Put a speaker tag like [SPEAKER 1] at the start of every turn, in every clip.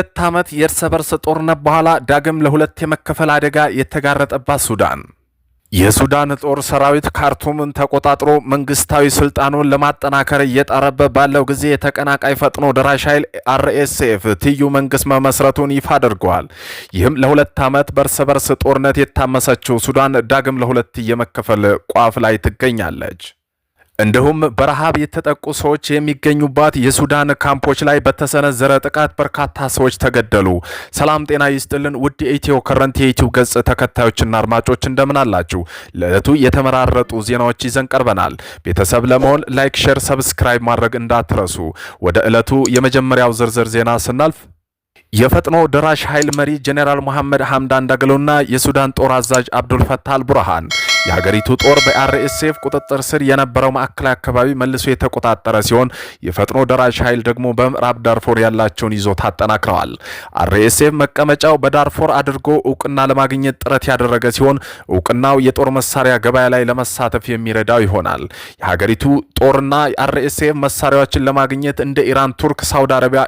[SPEAKER 1] ከሁለት ዓመት የእርስ በርስ ጦርነት በኋላ ዳግም ለሁለት የመከፈል አደጋ የተጋረጠባት ሱዳን የሱዳን ጦር ሰራዊት ካርቱምን ተቆጣጥሮ መንግስታዊ ስልጣኑን ለማጠናከር እየጠረበ ባለው ጊዜ የተቀናቃይ ፈጥኖ ደራሽ ኃይል አርኤስኤፍ ትዩ መንግስት መመስረቱን ይፋ አድርገዋል። ይህም ለሁለት ዓመት በእርስ በርስ ጦርነት የታመሰችው ሱዳን ዳግም ለሁለት የመከፈል ቋፍ ላይ ትገኛለች። እንዲሁም በረሃብ የተጠቁ ሰዎች የሚገኙባት የሱዳን ካምፖች ላይ በተሰነዘረ ጥቃት በርካታ ሰዎች ተገደሉ። ሰላም ጤና ይስጥልን ውድ የኢትዮ ከረንት የዩቲዩብ ገጽ ተከታዮችና አድማጮች እንደምን አላችሁ? ለዕለቱ የተመራረጡ ዜናዎች ይዘን ቀርበናል። ቤተሰብ ለመሆን ላይክ፣ ሼር፣ ሰብስክራይብ ማድረግ እንዳትረሱ። ወደ ዕለቱ የመጀመሪያው ዝርዝር ዜና ስናልፍ የፈጥኖ ደራሽ ኃይል መሪ ጄኔራል መሐመድ ሐምዳን ዳግሎና የሱዳን ጦር አዛዥ አብዱልፈታል ፈታህ አልቡርሃን የሀገሪቱ ጦር በአርኤስኤፍ ቁጥጥር ስር የነበረው ማዕከላዊ አካባቢ መልሶ የተቆጣጠረ ሲሆን የፈጥኖ ደራሽ ኃይል ደግሞ በምዕራብ ዳርፎር ያላቸውን ይዞታ አጠናክረዋል። አርኤስኤፍ መቀመጫው በዳርፎር አድርጎ እውቅና ለማግኘት ጥረት ያደረገ ሲሆን እውቅናው የጦር መሳሪያ ገበያ ላይ ለመሳተፍ የሚረዳው ይሆናል። የሀገሪቱ ጦርና የአርኤስኤፍ መሳሪያዎችን ለማግኘት እንደ ኢራን፣ ቱርክ፣ ሳውዲ አረቢያ፣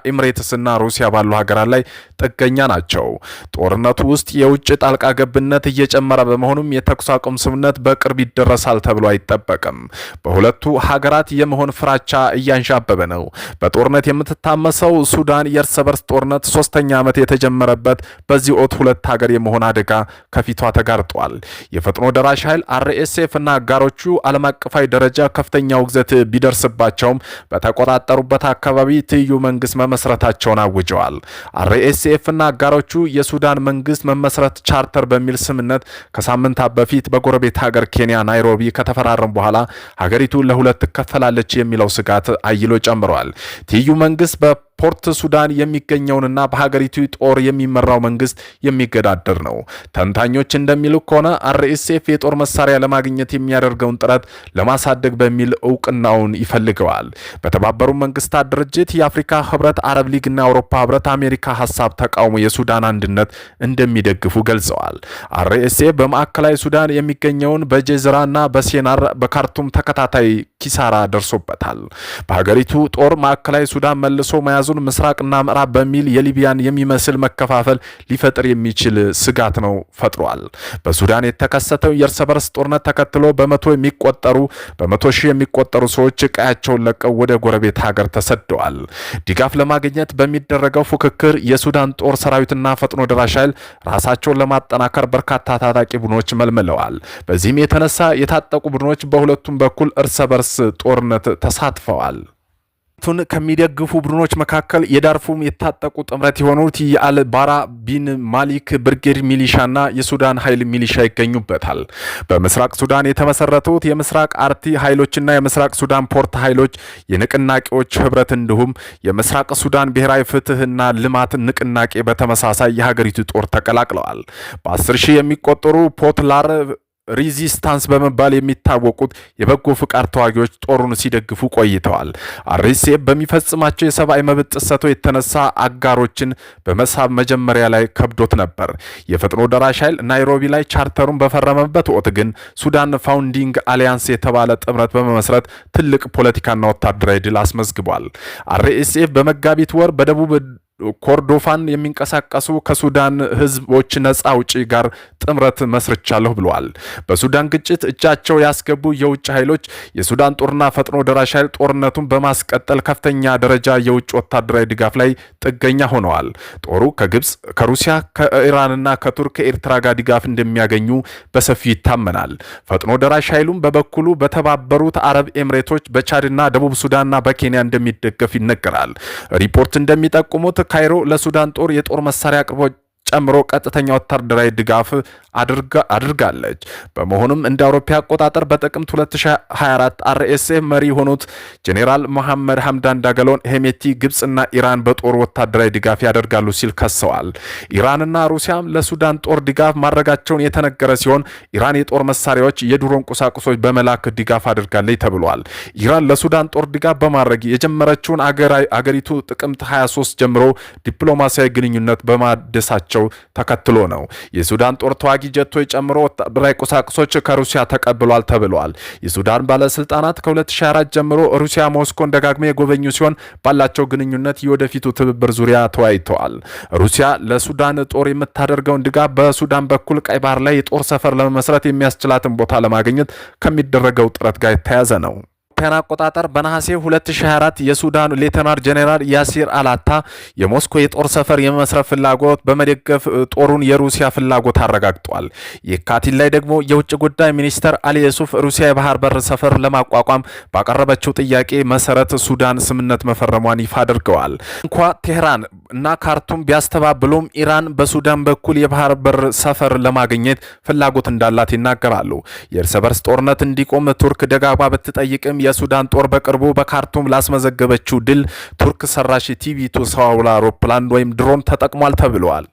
[SPEAKER 1] እና ሩሲያ ባሉ ሀገራት ላይ ጥገኛ ናቸው። ጦርነቱ ውስጥ የውጭ ጣልቃ ገብነት እየጨመረ በመሆኑም የተኩስ አቁም ስምምነት ስምምነት በቅርብ ይደረሳል ተብሎ አይጠበቅም። በሁለቱ ሀገራት የመሆን ፍራቻ እያንዣበበ ነው። በጦርነት የምትታመሰው ሱዳን የእርስ በርስ ጦርነት ሶስተኛ ዓመት የተጀመረበት በዚህ ወቅት ሁለት ሀገር የመሆን አደጋ ከፊቷ ተጋርጧል። የፈጥኖ ደራሽ ኃይል አርኤስኤፍ እና አጋሮቹ ዓለም አቀፋዊ ደረጃ ከፍተኛ ውግዘት ቢደርስባቸውም በተቆጣጠሩበት አካባቢ ትይዩ መንግስት መመስረታቸውን አውጀዋል። አርኤስኤፍ እና አጋሮቹ የሱዳን መንግስት መመስረት ቻርተር በሚል ስምነት ከሳምንታት በፊት በጎረቤት ጎረቤት ሀገር ኬንያ ናይሮቢ ከተፈራረሙ በኋላ ሀገሪቱ ለሁለት ትከፈላለች የሚለው ስጋት አይሎ ጨምረዋል። ትይዩ መንግስት በ ፖርት ሱዳን የሚገኘውንና በሀገሪቱ ጦር የሚመራው መንግስት የሚገዳደር ነው። ተንታኞች እንደሚሉት ከሆነ አርኤስኤፍ የጦር መሳሪያ ለማግኘት የሚያደርገውን ጥረት ለማሳደግ በሚል እውቅናውን ይፈልገዋል። በተባበሩ መንግስታት ድርጅት፣ የአፍሪካ ህብረት፣ አረብ ሊግ እና የአውሮፓ ህብረት አሜሪካ ሀሳብ ተቃውሞ የሱዳን አንድነት እንደሚደግፉ ገልጸዋል። አርኤስኤፍ በማዕከላዊ ሱዳን የሚገኘውን እና በሴናር በካርቱም ተከታታይ ኪሳራ ደርሶበታል። በሀገሪቱ ጦር ማዕከላዊ ሱዳን መልሶ መያዙ አገዛዙን ምስራቅና ምዕራብ በሚል የሊቢያን የሚመስል መከፋፈል ሊፈጥር የሚችል ስጋት ነው ፈጥሯል። በሱዳን የተከሰተው የእርስ በርስ ጦርነት ተከትሎ በመቶ የሚቆጠሩ በመቶ ሺህ የሚቆጠሩ ሰዎች ቀያቸውን ለቀው ወደ ጎረቤት ሀገር ተሰደዋል። ድጋፍ ለማግኘት በሚደረገው ፉክክር የሱዳን ጦር ሰራዊትና ፈጥኖ ደራሽ ኃይል ራሳቸውን ለማጠናከር በርካታ ታጣቂ ቡድኖች መልምለዋል። በዚህም የተነሳ የታጠቁ ቡድኖች በሁለቱም በኩል እርስ በርስ ጦርነት ተሳትፈዋል። ሁለቱን ከሚደግፉ ቡድኖች መካከል የዳርፉም የታጠቁ ጥምረት የሆኑት የአልባራ ቢን ማሊክ ብርጌድ ሚሊሻና የሱዳን ኃይል ሚሊሻ ይገኙበታል። በምስራቅ ሱዳን የተመሰረቱት የምስራቅ አርቲ ኃይሎችና የምስራቅ ሱዳን ፖርት ኃይሎች የንቅናቄዎች ህብረት እንዲሁም የምስራቅ ሱዳን ብሔራዊ ፍትህና ልማት ንቅናቄ በተመሳሳይ የሀገሪቱ ጦር ተቀላቅለዋል። በአስር ሺህ የሚቆጠሩ ፖትላር ሪዚስታንስ በመባል የሚታወቁት የበጎ ፍቃድ ተዋጊዎች ጦሩን ሲደግፉ ቆይተዋል። አርኤስኤፍ በሚፈጽማቸው የሰብአዊ መብት ጥሰቶ የተነሳ አጋሮችን በመሳብ መጀመሪያ ላይ ከብዶት ነበር። የፈጥኖ ደራሽ ኃይል ናይሮቢ ላይ ቻርተሩን በፈረመበት ወቅት ግን ሱዳን ፋውንዲንግ አሊያንስ የተባለ ጥምረት በመመስረት ትልቅ ፖለቲካና ወታደራዊ ድል አስመዝግቧል። አርኤስኤፍ በመጋቢት ወር በደቡብ ኮርዶፋን የሚንቀሳቀሱ ከሱዳን ህዝቦች ነጻ አውጪ ጋር ጥምረት መስርቻለሁ ብለዋል። በሱዳን ግጭት እጃቸው ያስገቡ የውጭ ኃይሎች የሱዳን ጦርና ፈጥኖ ደራሽ ኃይል ጦርነቱን በማስቀጠል ከፍተኛ ደረጃ የውጭ ወታደራዊ ድጋፍ ላይ ጥገኛ ሆነዋል። ጦሩ ከግብፅ፣ ከሩሲያ፣ ከኢራንና ከቱርክ፣ ከኤርትራ ጋር ድጋፍ እንደሚያገኙ በሰፊው ይታመናል። ፈጥኖ ደራሽ ኃይሉም በበኩሉ በተባበሩት አረብ ኤምሬቶች፣ በቻድና ደቡብ ሱዳንና በኬንያ እንደሚደገፍ ይነገራል። ሪፖርት እንደሚጠቁሙት ካይሮ ለሱዳን ጦር የጦር መሳሪያ አቅርቦ ጨምሮ ቀጥተኛ ወታደራዊ ድጋፍ አድርጋለች። በመሆኑም እንደ አውሮፓ አቆጣጠር በጥቅምት 2024 አርኤስኤፍ መሪ የሆኑት ጄኔራል መሐመድ ሐምዳን ዳገሎን ሄሜቲ ግብፅና ኢራን በጦር ወታደራዊ ድጋፍ ያደርጋሉ ሲል ከሰዋል። ኢራንና ሩሲያም ለሱዳን ጦር ድጋፍ ማድረጋቸውን የተነገረ ሲሆን ኢራን የጦር መሳሪያዎች፣ የድሮን ቁሳቁሶች በመላክ ድጋፍ አድርጋለች ተብሏል። ኢራን ለሱዳን ጦር ድጋፍ በማድረግ የጀመረችውን አገሪቱ ጥቅምት 23 ጀምሮ ዲፕሎማሲያዊ ግንኙነት በማደሳቸው መጀመሩ ተከትሎ ነው። የሱዳን ጦር ተዋጊ ጀቶች ጨምሮ ወታደራዊ ቁሳቁሶች ከሩሲያ ተቀብሏል ተብሏል። የሱዳን ባለስልጣናት ከ2024 ጀምሮ ሩሲያ ሞስኮን ደጋግመው የጎበኙ ሲሆን ባላቸው ግንኙነት የወደፊቱ ትብብር ዙሪያ ተወያይተዋል። ሩሲያ ለሱዳን ጦር የምታደርገውን ድጋፍ በሱዳን በኩል ቀይ ባህር ላይ የጦር ሰፈር ለመመስረት የሚያስችላትን ቦታ ለማግኘት ከሚደረገው ጥረት ጋር የተያያዘ ነው። አውሮፓውያን አቆጣጠር በነሐሴ 2024 የሱዳን ሌተናር ጄኔራል ያሲር አላታ የሞስኮ የጦር ሰፈር የመስረት ፍላጎት በመደገፍ ጦሩን የሩሲያ ፍላጎት አረጋግጧል። የካቲል ላይ ደግሞ የውጭ ጉዳይ ሚኒስተር አሊ የሱፍ ሩሲያ የባህር በር ሰፈር ለማቋቋም ባቀረበችው ጥያቄ መሰረት ሱዳን ስምነት መፈረሟን ይፋ አድርገዋል። እንኳ ቴህራን እና ካርቱም ቢያስተባብሉም ኢራን በሱዳን በኩል የባህር በር ሰፈር ለማግኘት ፍላጎት እንዳላት ይናገራሉ። የእርስ በርስ ጦርነት እንዲቆም ቱርክ ደጋግማ ብትጠይቅም የሱዳን ጦር በቅርቡ በካርቱም ላስመዘገበችው ድል ቱርክ ሰራሽ ቲቪ ቱ ሰዋውላ አውሮፕላን ወይም ድሮን ተጠቅሟል ተብለዋል።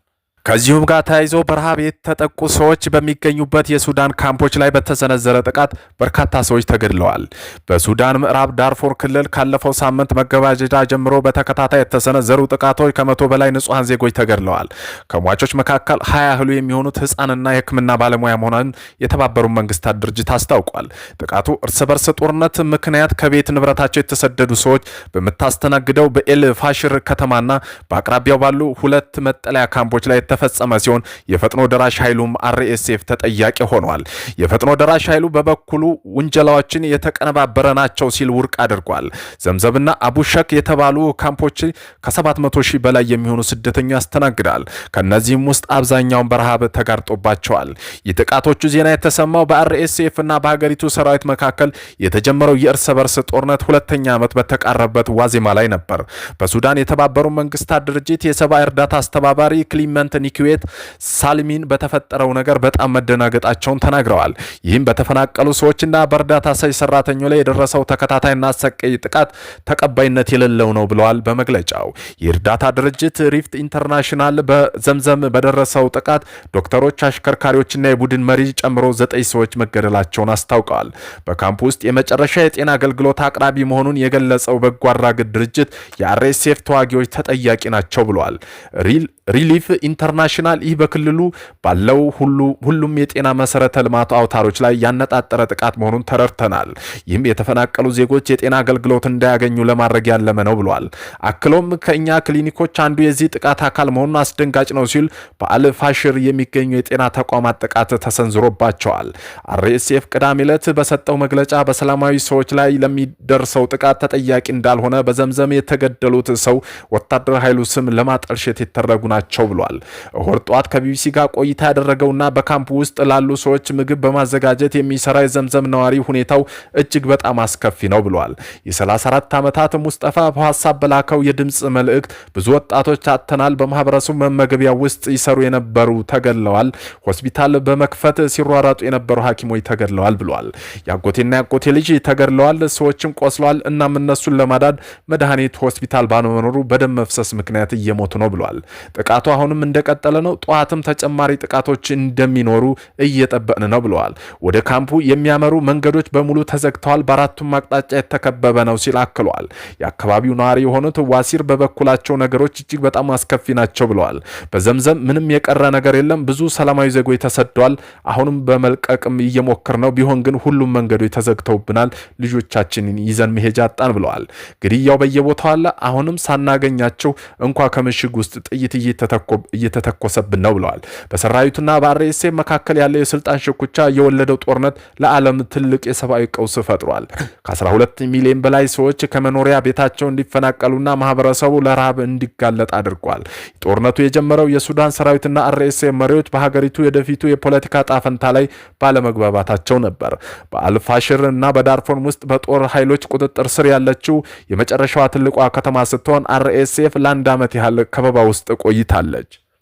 [SPEAKER 1] ከዚሁም ጋር ተያይዞ በረሃብ የተጠቁ ሰዎች በሚገኙበት የሱዳን ካምፖች ላይ በተሰነዘረ ጥቃት በርካታ ሰዎች ተገድለዋል። በሱዳን ምዕራብ ዳርፎር ክልል ካለፈው ሳምንት መገባደጃ ጀምሮ በተከታታይ የተሰነዘሩ ጥቃቶች ከመቶ በላይ ንጹሐን ዜጎች ተገድለዋል። ከሟቾች መካከል ሀያ ያህሉ የሚሆኑት ህፃንና የህክምና ባለሙያ መሆናን የተባበሩት መንግስታት ድርጅት አስታውቋል። ጥቃቱ እርስ በርስ ጦርነት ምክንያት ከቤት ንብረታቸው የተሰደዱ ሰዎች በምታስተናግደው በኤል ፋሽር ከተማና በአቅራቢያው ባሉ ሁለት መጠለያ ካምፖች ላይ የተፈጸመ ሲሆን የፈጥኖ ደራሽ ኃይሉም አርኤስኤፍ ተጠያቂ ሆኗል። የፈጥኖ ደራሽ ኃይሉ በበኩሉ ውንጀላዎችን የተቀነባበረ ናቸው ሲል ውድቅ አድርጓል። ዘምዘብና አቡሸክ የተባሉ ካምፖች ከ700 ሺህ በላይ የሚሆኑ ስደተኛ ያስተናግዳል። ከእነዚህም ውስጥ አብዛኛውን በረሃብ ተጋርጦባቸዋል። የጥቃቶቹ ዜና የተሰማው በአርኤስኤፍ እና በሀገሪቱ ሰራዊት መካከል የተጀመረው የእርስ በርስ ጦርነት ሁለተኛ ዓመት በተቃረበት ዋዜማ ላይ ነበር። በሱዳን የተባበሩ መንግስታት ድርጅት የሰብአዊ እርዳታ አስተባባሪ ክሊመንት ኒክዌት ሳልሚን በተፈጠረው ነገር በጣም መደናገጣቸውን ተናግረዋል። ይህም በተፈናቀሉ ሰዎችና በእርዳታ ሰጪ ሰራተኞ ላይ የደረሰው ተከታታይና አሰቃቂ ጥቃት ተቀባይነት የሌለው ነው ብለዋል። በመግለጫው የእርዳታ ድርጅት ሪፍት ኢንተርናሽናል በዘምዘም በደረሰው ጥቃት ዶክተሮች፣ አሽከርካሪዎችና የቡድን መሪ ጨምሮ ዘጠኝ ሰዎች መገደላቸውን አስታውቀዋል። በካምፕ ውስጥ የመጨረሻ የጤና አገልግሎት አቅራቢ መሆኑን የገለጸው በጎ አድራጎት ድርጅት የአርኤስኤፍ ተዋጊዎች ተጠያቂ ናቸው ብለዋል። ሪሊፍ ኢንተር ኢንተርናሽናል ይህ በክልሉ ባለው ሁሉም የጤና መሰረተ ልማት አውታሮች ላይ ያነጣጠረ ጥቃት መሆኑን ተረድተናል። ይህም የተፈናቀሉ ዜጎች የጤና አገልግሎት እንዳያገኙ ለማድረግ ያለመ ነው ብሏል። አክሎም ከእኛ ክሊኒኮች አንዱ የዚህ ጥቃት አካል መሆኑን አስደንጋጭ ነው ሲል በአል ፋሽር የሚገኙ የጤና ተቋማት ጥቃት ተሰንዝሮባቸዋል። አርኤስኤፍ ቅዳሜ ዕለት በሰጠው መግለጫ በሰላማዊ ሰዎች ላይ ለሚደርሰው ጥቃት ተጠያቂ እንዳልሆነ በዘምዘም የተገደሉት ሰው ወታደር ኃይሉ ስም ለማጠልሸት የተደረጉ ናቸው ብሏል። እሁድ ጠዋት ከቢቢሲ ጋር ቆይታ ያደረገውና በካምፕ ውስጥ ላሉ ሰዎች ምግብ በማዘጋጀት የሚሰራ የዘምዘም ነዋሪ ሁኔታው እጅግ በጣም አስከፊ ነው ብለዋል። የ34 ዓመታት ሙስጠፋ በሀሳብ በላከው የድምፅ መልእክት ብዙ ወጣቶች አተናል። በማህበረሰቡ መመገቢያ ውስጥ ይሰሩ የነበሩ ተገድለዋል። ሆስፒታል በመክፈት ሲሯራጡ የነበሩ ሐኪሞች ተገድለዋል ብለዋል። የአጎቴና የአጎቴ ልጅ ተገድለዋል፣ ሰዎችም ቆስለዋል። እናም እነሱን ለማዳድ መድኃኒት ሆስፒታል ባለመኖሩ በደም መፍሰስ ምክንያት እየሞቱ ነው ብለዋል። ጥቃቱ አሁንም እንደ እንደቀጠለ ነው። ጠዋትም ተጨማሪ ጥቃቶች እንደሚኖሩ እየጠበቅን ነው ብለዋል። ወደ ካምፑ የሚያመሩ መንገዶች በሙሉ ተዘግተዋል፣ በአራቱም አቅጣጫ የተከበበ ነው ሲል አክሏል። የአካባቢው ነዋሪ የሆኑት ዋሲር በበኩላቸው ነገሮች እጅግ በጣም አስከፊ ናቸው ብለዋል። በዘምዘም ምንም የቀረ ነገር የለም፣ ብዙ ሰላማዊ ዜጎች ተሰደዋል። አሁንም በመልቀቅም እየሞከር ነው። ቢሆን ግን ሁሉም መንገዶች ተዘግተውብናል፣ ልጆቻችንን ይዘን መሄጃ አጣን ብለዋል። ግድያው በየቦታው አለ። አሁንም ሳናገኛቸው እንኳ ከምሽግ ውስጥ ጥይት እየተ እየተተኮሰብን ነው ብለዋል። በሰራዊቱና በአርኤስኤፍ መካከል ያለው የስልጣን ሽኩቻ የወለደው ጦርነት ለዓለም ትልቅ የሰብአዊ ቀውስ ፈጥሯል። ከ12 ሚሊዮን በላይ ሰዎች ከመኖሪያ ቤታቸው እንዲፈናቀሉና ማህበረሰቡ ለረሃብ እንዲጋለጥ አድርጓል። ጦርነቱ የጀመረው የሱዳን ሰራዊትና አርኤስኤፍ መሪዎች በሀገሪቱ የደፊቱ የፖለቲካ ጣፈንታ ላይ ባለመግባባታቸው ነበር። በአልፋሽር እና በዳርፎን ውስጥ በጦር ኃይሎች ቁጥጥር ስር ያለችው የመጨረሻዋ ትልቋ ከተማ ስትሆን አርኤስኤፍ ለአንድ ዓመት ያህል ከበባ ውስጥ ቆይታለች።